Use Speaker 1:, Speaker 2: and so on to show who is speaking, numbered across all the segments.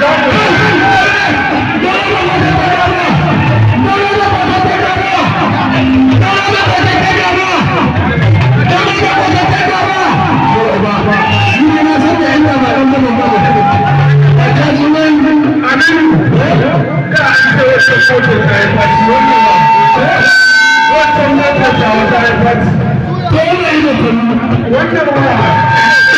Speaker 1: Wanda ba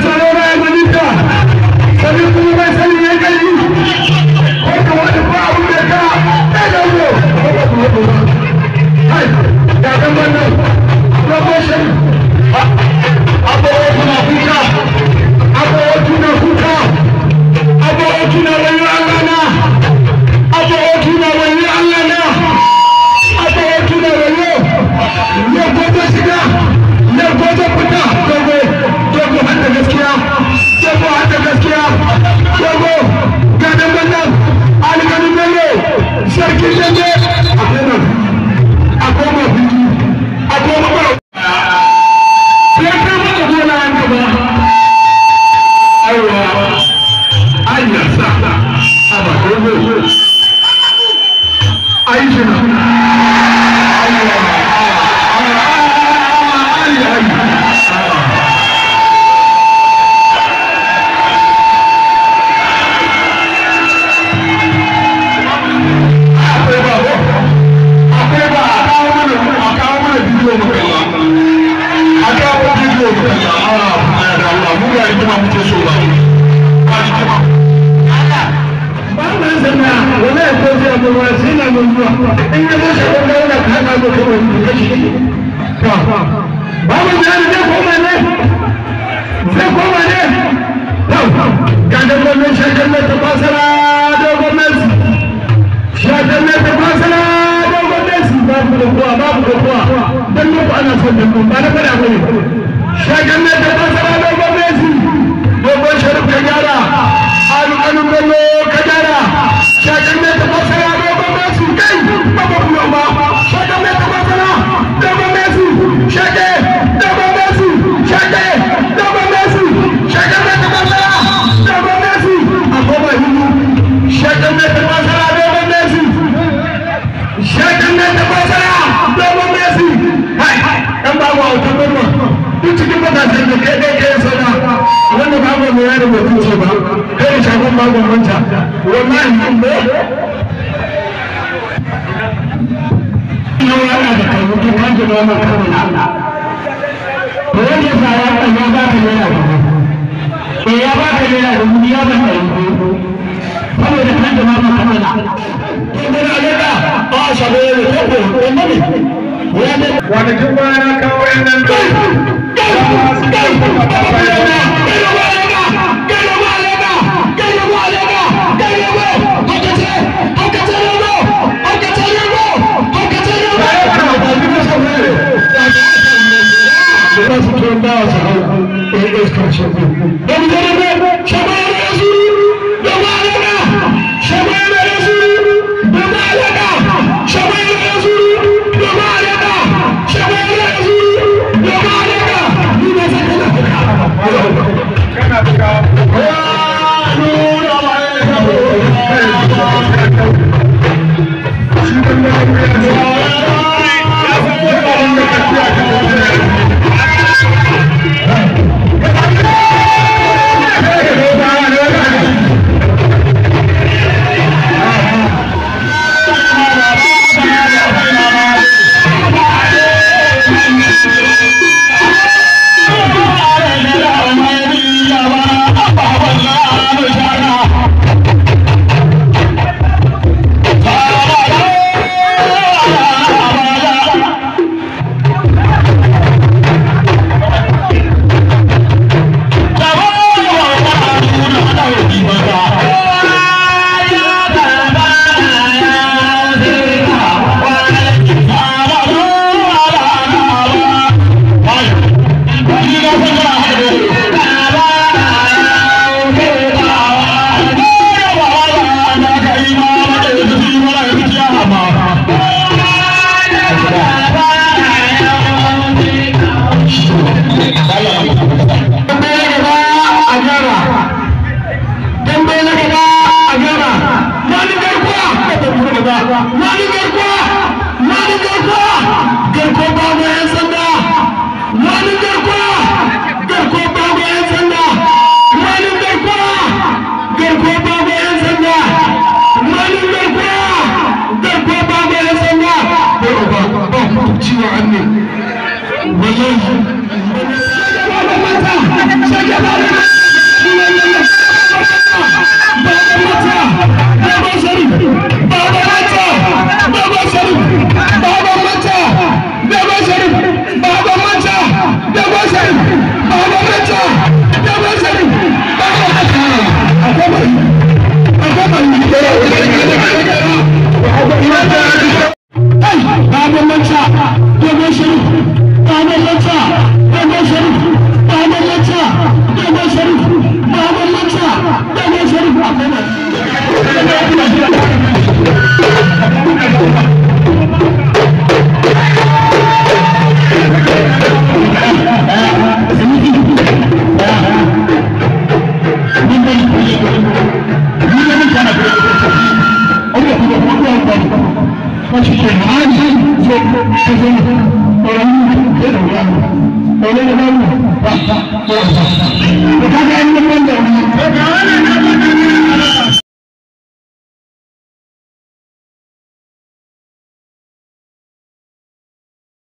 Speaker 1: Gracias, rigima muke so ba ba ba na wala ya ko wani sai na mun zuwa in ya zo shagon da wani ka haka zo kawai mun kashi to ba mun da ne zai koma ne ga da da ta fasara da gwamnati
Speaker 2: da ta fasara da gwamnati
Speaker 1: ba ku da ba ku da dan ana son da ba na fara da ta fasara ma bambanta wallahi mun ba nawa ana da karbutu kan da noma kan Ko wani sa ya kalla ba ka yana da to ya ba ka yana da mu ya ba ka saboda kan da noma kan Allah to da alaka ba sha da ko ko wannan ne wanda kin ba na kawo yan nan Shagabata! Shagabata! açıkçası acil sözün oranını derim yani. Öyle mi? Bak bak. Bak bak. Bak bak. Bak bak. Bak bak. Bak bak.